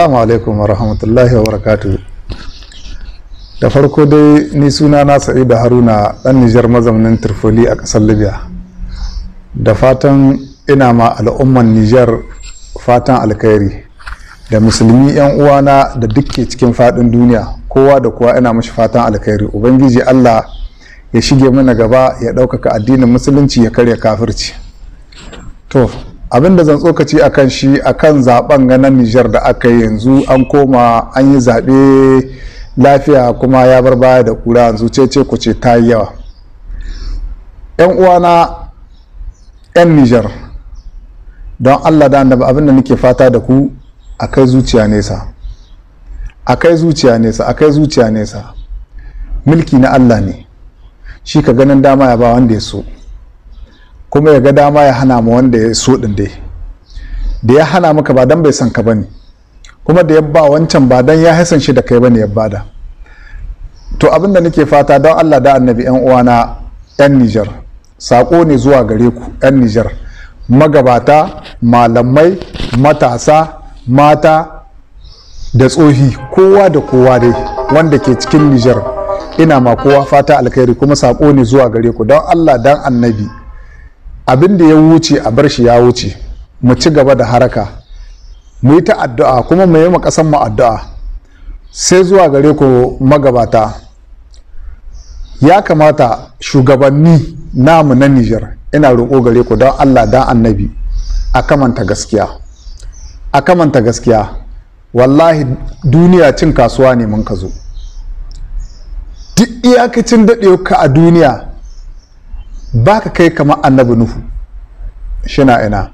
Assalamu alaikum wa rahmatullahi wa barakatuh. Da farko dai ni suna na da Haruna ɗan Nijar mazaunin Tripoli a ƙasar Libya. Da fatan ina ma al'umman Nijar fatan alkhairi da musulmi 'yan uwana da dukke cikin faɗin duniya kowa da kowa ina mashi fatan alkhairi Ubangiji Allah ya shige mana gaba ya ɗaukaka addinin musulunci ya karya kafirci. To, abin da zan tsokaci kan shi a kan zaben ganin nijar da aka yi yanzu an koma an yi zaɓe lafiya kuma ya bar baya da kura yanzu cece ku ce ta yi yawa yan uwana yan nijar don allah da annaba abin da nake fata da ku akai zuciya nesa akai zuciya nesa akai zuciya nesa mulki na allah ne shi ka ganin dama ya ba wanda ya so kuma ya ga dama ya hana ma wanda ya so din dai da ya hana maka ba dan bai san ka bane kuma da ya ba wancan ba dan ya hasan shi da kai bane ya bada to abin da nake fata don Allah da annabi yan uwana yan Niger sako ne zuwa gare ku yan Nijar. magabata malamai matasa mata da tsohi kowa da kowa dai wanda ke cikin Nijar ina ma kowa fata alkhairi kuma sako ne zuwa gare ku don Allah dan annabi abin da ya wuce a bar shi ya wuce mu ci gaba da haraka mu yi ta addu'a kuma mu yi ma ƙasan mu addu'a sai zuwa gare ku magabata ya kamata shugabanni namu na Nijar ina roƙo gare ku don Allah dan annabi a kamanta gaskiya a kamanta gaskiya wallahi duniya cin kasuwa ne mun ka zo duk iyakacin daɗewa a duniya ba ka kai kamar annabi nuhu shina ina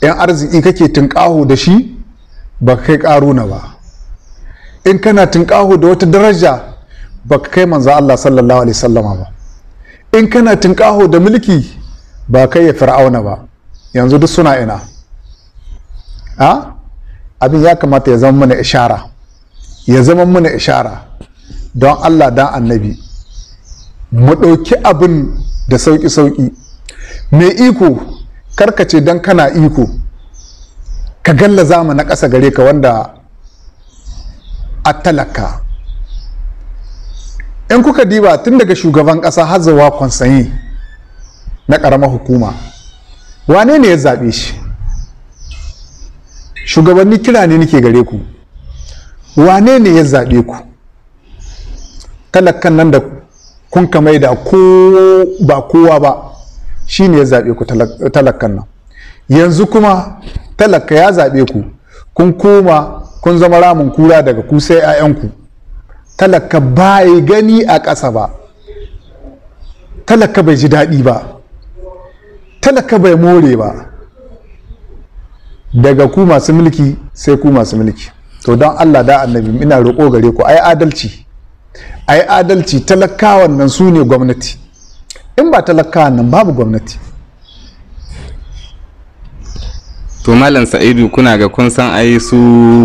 yan arziki kake tunƙaho da shi ba ka kai ƙaruna ba in kana tunƙaho da wata daraja ba ka kai manzo Allah sallallahu alaihi sallama ba in kana tunƙaho da mulki ba kai ya fir'auna ba yanzu duk suna ina a abin ya kamata ya zama mana ishara ya zama mana ishara don Allah dan annabi mu ɗauki abin da sauƙi-sauƙi mai iko karkace don kana iko ka galla zama na ƙasa gare ka wanda a talaka in kuka diba tun daga shugaban ƙasa har zuwa kwansanyi na ƙaramar hukuma wane ne ya zaɓe shi shugabanni kira ne nake gare ku wane ne ya zaɓe ku talakan nan da kun ka mai da ko ba kowa ba shi ne ya zaɓe ku talakkan nan yanzu kuma talaka ya zaɓe ku kun koma kun zama ramin kura daga ku sai 'ya'yanku talaka ba yi gani a ƙasa ba talaka bai ji daɗi ba talaka bai more ba daga ku masu mulki sai ku masu mulki to don allah da annabi ina roƙo gare ku ai adalci a yi adalci talakawan nan su ne gwamnati in ba talakawan nan babu gwamnati to malam sa'idu kuna ga kun san ai su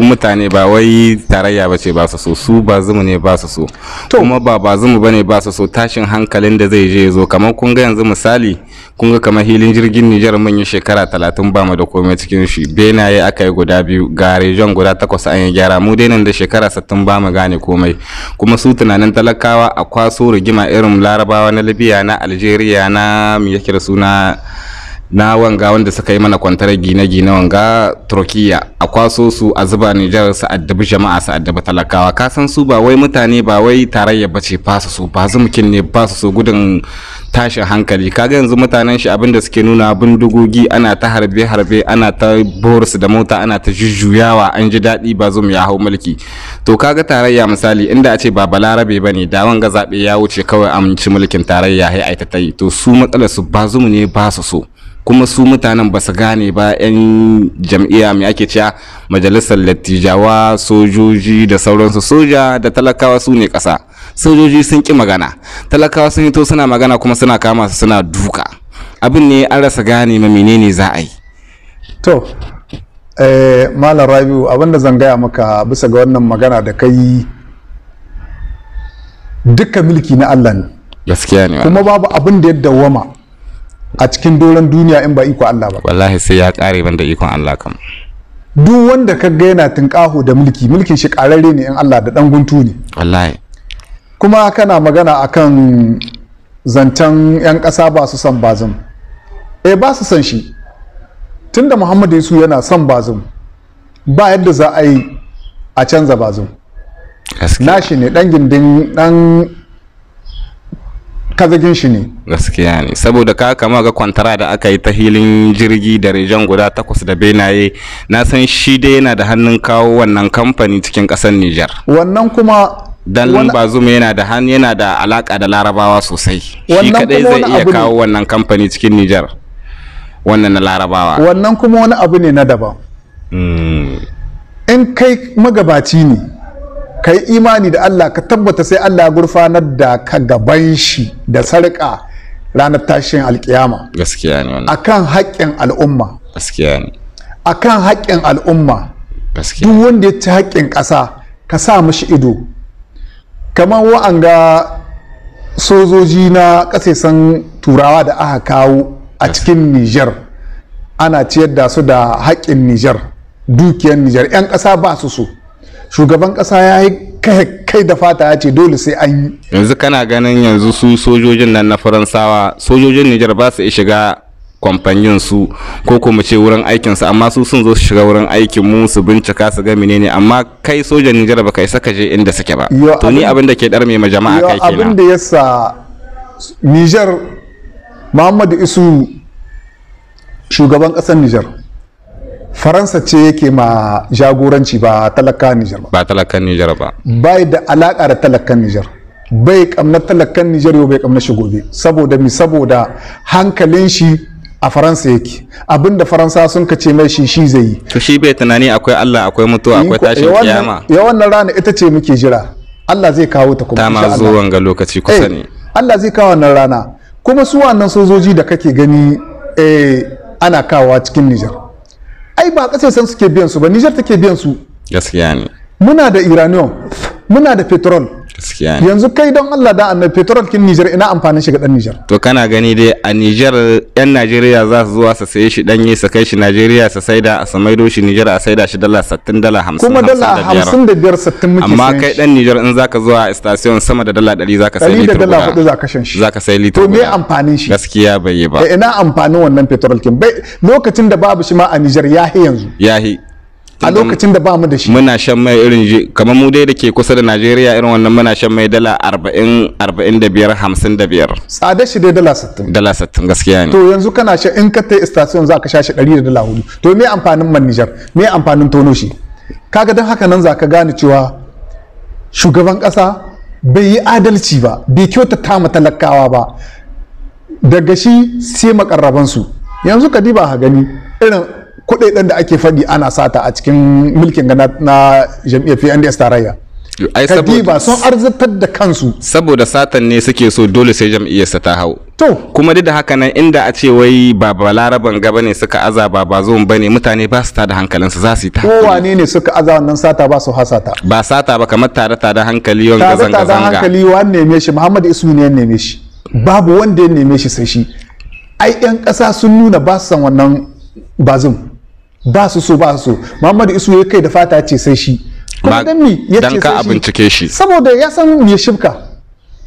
mutane ba wai tarayya ba ba su so su ba zumu ne ba su so kuma ba ba zumu ba ne ba su so tashin hankalin da zai je zo kamar kun ga yanzu misali kun ga kamar hilin jirgin nijar mun yi shekara talatin ba mu da komai cikin shi benaye aka yi guda biyu ga region guda takwas an yi gyara mu dai nan da shekara sattin ba mu gane komai kuma su tunanin talakawa a kwaso rigima irin larabawa na libya na algeria na mu yake da suna na wanga wanda suka yi mana kwantar gine-gine wanga turkiya a kwaso su a zuba nijar su addabi jama'a su addabi talakawa ka san su ba wai mutane ba wai tarayya ba ce ba su su, ba zumkin ne ba su su. gudun tashin hankali kaga yanzu mutanen shi abin da suke nuna bindigogi ana ta harbe-harbe ana ta borus da mota ana ta jujjuyawa an ji daɗi ba zum ya hau mulki to kaga tarayya misali inda a ce ba balarabe ba ne da wanga zaɓe ya wuce kawai aminci mulkin tarayya hai ai ta yi to su matsalar su ba zum ne ba su so kuma su mutanen ba su gane ba 'yan jam'iyya mai ake cewa majalisar lattijawa sojoji da sauransu soja da talakawa su ne ƙasa sojoji sun ki magana talakawa sun to suna magana kuma suna kama su suna duka abin ne an rasa gane ma menene za a yi to eh, malam rabiu abinda zan gaya maka bisa ga wannan magana da kai duka mulki na allah ne gaskiya ne kuma babu abin da ya dawwama a cikin doron duniya in ba iko Allah ba wallahi sai ya kare banda ikon Allah kam duk wanda ka ga yana tinkaho da mulki mulkin shi kararre ne in Allah da dan guntu ne wallahi kuma kana magana akan zancen yan ƙasa ba su san bazum eh ba su san shi tunda Muhammadu Yusuf yana son bazum ba yadda za a yi a canza bazum nashi ne dan gindin dan kazagin shi ne gaskiya ne saboda ka kama ga kwantara da aka yi ta hilin jirgi da rejan guda takwas da benaye na san shi dai yana da hannun kawo wannan kamfani cikin ƙasar Nijar wannan kuma dan bazum yana da hannu yana da alaka da larabawa sosai shi kadai zai iya kawo wannan kamfani cikin Nijar wannan na larabawa wannan kuma wani abu ne na daban hmm. in kai magabaci ne ka yi imani da Allah ka tabbata sai Allah ya gurfanar da ka gaban shi da sarƙa ranar tashin alkiyama gaskiya ne wannan akan haƙƙin al'umma gaskiya ne akan haƙƙin al'umma gaskiya duk wanda ya ci haƙƙin ƙasa ka sa mishi ido kamar wa'anga sojoji na ƙasashen turawa da aka kawo a cikin Nijar ana ciyar da su da haƙƙin Nijar dukiyar Nijar 'yan ƙasa ba su so shugaban kasa ya yi kai da fata ya ce dole sai an yi yanzu kana ganin yanzu su sojojin nan na faransawa sojojin nijar ba su shiga kwamfanin su ko kuma ce wurin aikin su amma su sun zo su shiga wurin aikin mu su bincika su ga menene amma kai sojan Nijar ba kai saka je inda suke ba to ni abin da ke dar mai jama'a kai kenan abin da yasa Nijar Muhammadu Isu shugaban kasar Nijar faransa ce yake ma jagoranci ba talakan nijar ba ba talakan nijar ba bai da alaka da talakan nijar bai kamna talakan nijar yau bai kamna shi saboda mi saboda hankalin shi a faransa yake abinda faransa sun kace mai shi shi zai yi to shi bai tunani akwai allah akwai mutuwa akwai tashin eh, kiyama ya eh, wannan rana ita ce muke jira allah zai kawo ta kuma ta ma zuwan ga lokaci kusa eh, ne allah zai kawo wannan rana kuma su wannan sojoji da kake gani eh ana kawowa cikin nijar ai ba kasashen suke biyan su ba Niger take biyan su gaskiya ne muna da uranium muna da petrol yanzu kai don Allah da annabi petrol kin Niger ina amfanin shi ga dan Niger to kana gani dai a Niger yan Najeriya za su zuwa su saye shi yi su kai shi Najeriya su saida a samaido shi Niger a saida shi dala 60 dala 50 kuma dala 55 60 muke amma kai dan Niger in zaka zuwa station sama da dala 100 zaka sai litir dala 4 zaka shan shi zaka sai litir to me amfanin shi gaskiya bai yi ba eh, ina amfanin wannan petrol kin bai lokacin da babu shi ma a Niger yahi yanzu yahi a lokacin da ba mu da shi muna shan mai irin kamar mu dai da ke kusa da najeriya irin wannan muna shan mai dala 40 55 tsada shi dai dala 60 dala 60 gaskiya ne to yanzu kana sha in ka tai station za ka sha shi 100 da dala 4 to me amfanin man nijar me amfanin tono shi kaga don haka nan za ka gane cewa shugaban kasa bai yi adalci ba bai kyautata ma talakawa ba daga shi sai makarrabansu yanzu ka diba ha gani irin kuɗaɗen da ake faɗi ana sata a cikin mulkin gana na jam'iyyar PNDS tarayya kadiba sun arzikar da kansu saboda satan ne suke so dole sai jam'iyyarsa ta hau to kuma duk da haka nan inda a ce wai ba balaraban gaba ne suka aza ba ba zo bane mutane ba su tada su za su yi ta kowane ne suka aza wannan sata ba su hasata ba sata ba kamar tare tada hankali wanga zanga zanga tare tada hankali wa neme shi muhammad isu ne ya neme shi babu wanda ya neme shi sai shi ai yan kasa sun nuna ba su san wannan bazum ba su so ba su so muhammadu isu ya kai da fata ce sai shi kuma dan mi ya ce sai shi saboda ya san me shibka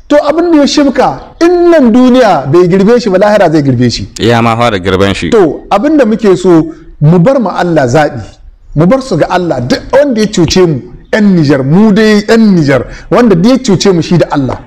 to abin da ya shibka in nan duniya bai girbe shi ba lahira zai girbe shi ya ma fara girben shi to abin da muke so mu bar mu Allah zaɓi mu bar su ga Allah duk wanda ya cuce mu 'yan Nijar mu dai 'yan Nijar wanda da ya cuce mu shi da Allah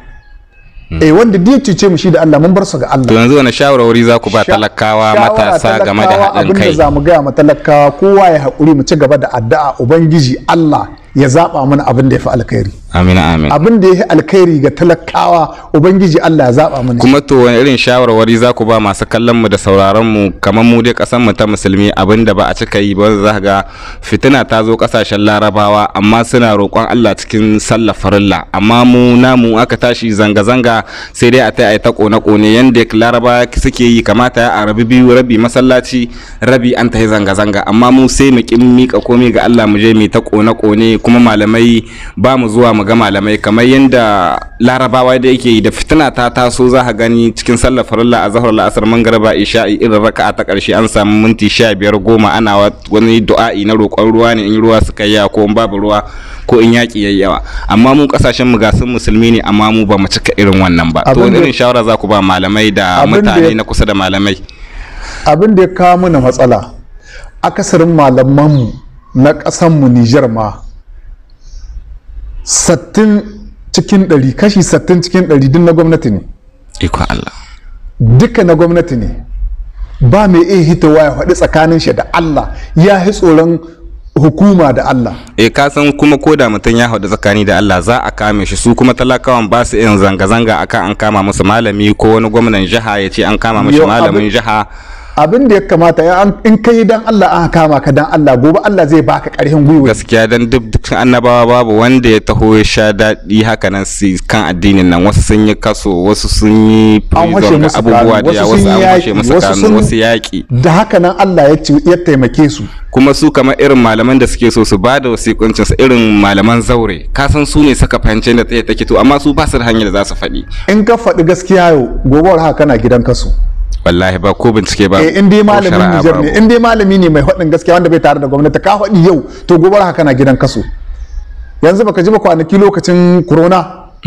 Mm. eh wanda da ce cuce mu shi da Allah mun bar su ga Allah to yanzu wani shawarwari za ku ba talakawa matasa game da haɗin kai abinda za mu gaya ma talakawa kowa ya haƙuri mu ci gaba da addu'a ubangiji Allah ya zaba mana abin da ya fi alkhairi amin amin abin da ya yi alkhairi ga talakawa ubangiji Allah ya zaba mana kuma to wani irin shawarwari za ku ba masu kallon mu da sauraron mu kamar mu dai kasan mu ta musulmi abin da ba a cika yi ba za ga fitina ta zo kasashen larabawa amma suna roƙon Allah cikin sallah farilla amma mu namu aka tashi zanga zanga sai dai a ta ai ta kone kone yanda laraba suke yi kamata a rabi biyu rabi masallaci rabi an ta yi zanga zanga amma mu sai mu kin mika komai ga Allah mu je mu ta kone kone kuma malamai ba mu zuwa mu ga malamai kamar yadda larabawa da yake yi da fitina ta taso za a gani cikin sallar farilla a zahar la'asar mangarba isha'i irin a ta karshe an samu minti sha biyar goma ana wani du'a'i na roƙon ruwa ne in ruwa suka yi ko in babu ruwa ko in yaƙi ya yawa amma mu kasashen mu gasun musulmi ne amma mu ba mu cika irin wannan ba to irin shawara za ku ba malamai da mutane na kusa da malamai abin da ya kawo mana matsala akasarin malamanmu na ƙasanmu Nijar ma sattin cikin ɗari kashi sattin cikin ɗari duk na gwamnati ne ikon Allah duka na gwamnati ne ba mai iya hitowa ya faɗi tsakanin shi da Allah ya yi tsoron hukuma da Allah e ka san kuma ko da mutum ya haɗu tsakani da Allah za a kame shi su kuma talakawan ba su yin zanga-zanga akan an kama musu malami ko wani gwamnan jiha ya ce an kama musu malamin jiha abin da ya kamata in kai dan Allah an kama ka dan Allah gobe Allah zai baka karhin gwiwa gaskiya dan duk dukkan annabawa babu wanda ya taho ya sha daɗi haka nan su kan addinin nan wasu sun yi kaso wasu sun yi prison ga abubuwa da wasu an washe musu kanu wasu yaƙi da haka nan Allah ya ya taimake su kuma su kamar irin malaman da suke so su ba da wasiƙuncin su irin malaman zaure ka san su ne saka fahimci da tsaye take to amma su ba su da hanyar da za su faɗi in ka faɗi gaskiya yau gobe haka kana gidan kaso wallahi ba ko bincike ba eh, in dai malamin Niger ne in dai malami ne mai faɗin gaskiya wanda bai tare da gwamnati ka faɗi yau to gobe haka na gidan kaso yanzu baka ji ba kwanaki lokacin corona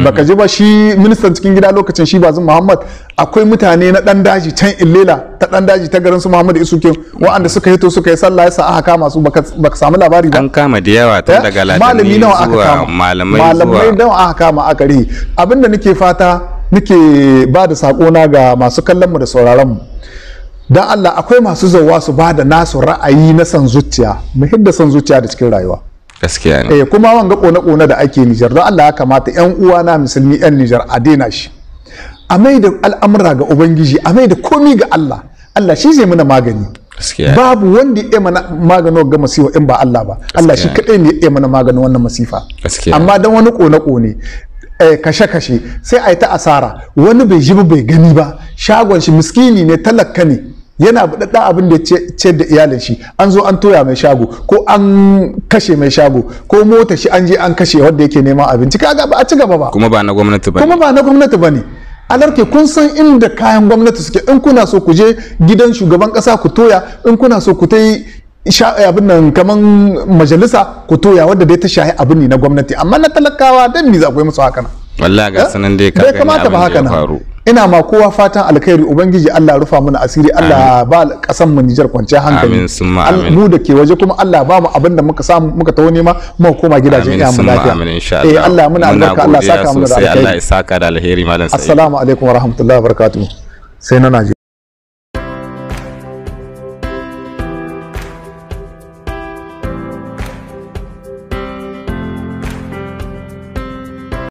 baka ji ba shi ministan cikin gida lokacin shi bazin Muhammad akwai mutane na dan daji can illela ta dan daji ta garin su Muhammad ke waɗanda suka hito suka yi sallah ya sa aka kama su baka samu labari ba an kama da yawa tun eh, daga malami nawa aka kama malamai nawa aka kama aka rihi abinda nake fata nake ba da saƙona ga masu kallon mu da sauraron mu. don Allah akwai masu zauwa su ba da nasu ra'ayi na san zuciya mu hidda san zuciya da cikin rayuwa gaskiya ne eh kuma wanga kone kone da ake Nijar dan Allah ya kamata yan uwa na musulmi yan Nijar a daina shi a mai da al'amura ga ubangiji a mai da komi ga Allah Allah shi zai mana magani babu wanda ya mana magano ga masifa in ba Allah ba Allah shi kadai ne ya mana magano wannan masifa amma dan wani kone kone Eh, kashe-kashe sai a yi ta asara wani bai ji bai gani ba shagon shi miskini ne talaka ne yana buɗaɗɗa abin da ce da iyalin shi an zo an toya mai shago ko an kashe mai shago ko mota shi an je an kashe wanda yake neman abinci kaga ba a ci gaba ba kuma ba na gwamnati ba kuma ba na gwamnati ba ne alarke kun san inda kayan gwamnati suke in kuna so ku je gidan shugaban kasa ku toya in kuna so ku ta yi Eh, abin nan kaman majalisa ku toya wadda dai ta shahi abin ne na gwamnati amma na talakawa dan me za ku yi musu haka nan wallahi ga eh? sanan dai ka kamata ba haka nan ina ma kowa fatan alkhairi ubangiji Allah rufa mana asiri Allah ba kasan mu Nijar kwanciyar hankali amin mu da ke waje kuma Allah ba mu abin da muka samu muka tawo nema mu koma gidajen iya mu lafiya eh Allah muna albarka Allah saka mu da alkhairi Allah ya saka da alheri malam sai assalamu alaikum wa rahmatullahi wa barakatuh sai na